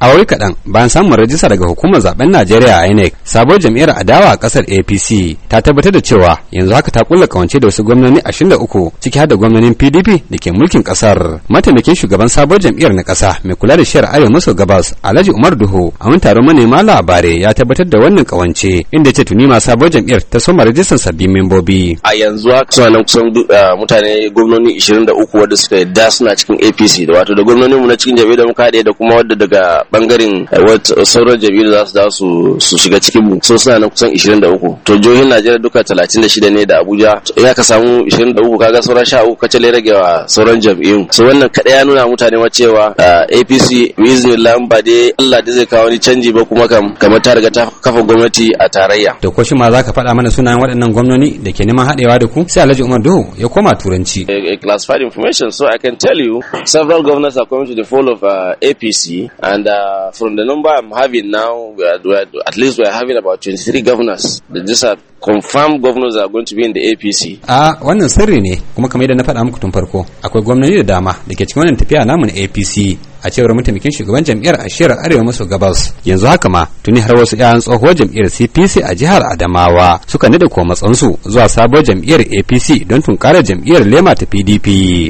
a wuri kaɗan bayan samun rajista daga hukumar zaben najeriya a inec sabuwar jam'iyyar adawa a ƙasar apc ta tabbatar da cewa yanzu haka ta kulla kawance da wasu gwamnoni uku, ciki har da gwamnonin pdp da ke mulkin ƙasar mataimakin shugaban sabuwar jam'iyyar na ƙasa mai kula da shiyar arewa maso gabas alhaji umar duhu a wani taron manema labarai ya tabbatar da wannan kawance inda ce tuni ma sabuwar jam'iyyar ta soma rajistar sabbin membobi a yanzu haka suna nan kusan eh, mutane gwamnoni uku wadda suka yadda suna cikin apc da wato da gwamnoninmu na cikin jam'iyyar da muka haɗe da kuma wadda daga bangaren eh, sauran jam'iyyu za su da su shiga cikin mu so suna nan kusan 23 to jihohin Najeriya duka 36 ne da Abuja in aka samu 23 kaga sauran 13 kace le rage wa sauran jam'iyyun so wannan kada ya nuna mutane wa cewa eh, APC biiznillah ba dai Allah da zai kawo wani canji ba kuma kam kamar ta riga ta kafa gwamnati a tarayya to ko shi ma zaka faɗa mana sunayen waɗannan gwamnoni da ke neman haɗewa da ku sai Alhaji Umar Doho ya koma turanci classified information so I can tell you several governors are coming to the fall of uh, eh, APC and uh, uh, from the number I'm having now, we are, we are, at least we are having about 23 governors. These are confirmed governors are going to be in the APC. Ah, wannan sirri ne kuma kamar yadda na faɗa muku tun farko akwai gwamnati da dama da ke cikin wannan tafiya namu na APC a cewar mataimakin shugaban jam'iyyar a shirar arewa maso gabas yanzu haka ma tuni har wasu 'ya'yan tsohuwar jam'iyyar cpc a jihar adamawa suka nada ko matsansu zuwa sabuwar jam'iyyar apc don tunkarar jam'iyyar lema ta pdp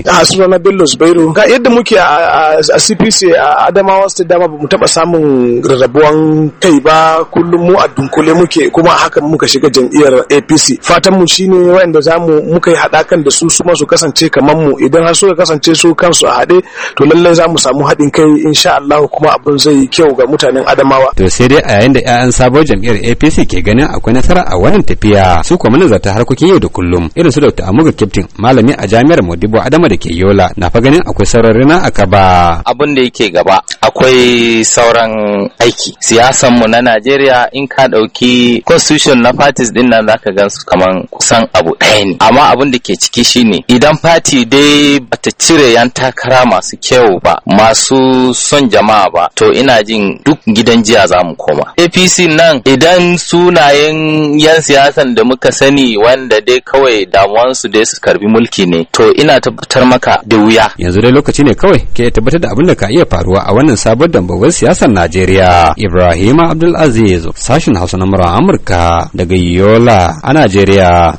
a sunana bello zubairu ga yadda muke a cpc a adamawa su dama ba mu taɓa samun rarrabuwan kai ba kullum mu a dunkule muke kuma hakan muka shiga jam'iyyar apc fatan mu shine wayanda mu muka yi haɗakan da su su ma kasance kamar mu idan har suka kasance su kansu a haɗe to lallai za mu samu haɗi haɗin kai insha Allah kuma abin zai yi kyau ga mutanen Adamawa. To sai dai a yayin da 'ya'yan sabon jam'iyyar APC ke ganin akwai nasara a wannan tafiya su kuma zata harkokin yau da kullum irin su Dr. Amuga Captain malami a jami'ar Modibo Adama da ke Yola na fa ganin akwai sauran rina a kaba. Abin da yake gaba akwai sauran aiki siyasan mu na Najeriya in ka ɗauki constitution na parties din nan zaka gan su kaman kusan abu ɗaya ne amma abin da ke ciki shine idan party dai bata cire yan takara masu kyau ba masu masu son jama'a ba to ina jin duk gidan jiya za mu koma apc nan idan sunayen yan siyasan da muka sani wanda dai kawai damuwansu dai su karbi mulki ne to ina tabbatar maka da wuya yanzu dai lokaci ne kawai ke tabbatar da abin da ka iya faruwa a wannan sabon dambawar siyasar najeriya ibrahim abdulaziz sashin hausa na amurka daga yola a najeriya